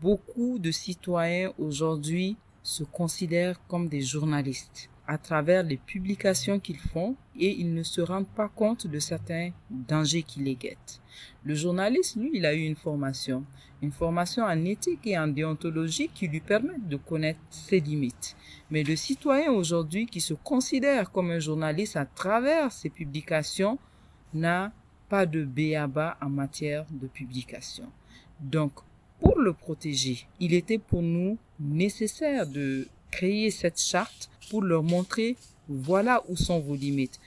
beaucoup de citoyens aujourd'hui se considèrent comme des journalistes à travers les publications qu'ils font et ils ne se rendent pas compte de certains dangers qui les guettent. Le journaliste, lui, il a eu une formation, une formation en éthique et en déontologie qui lui permettent de connaître ses limites. Mais le citoyen aujourd'hui qui se considère comme un journaliste à travers ses publications n'a pas de béaba en matière de publication. Donc, pour le protéger. Il était pour nous nécessaire de créer cette charte pour leur montrer voilà où sont vos limites.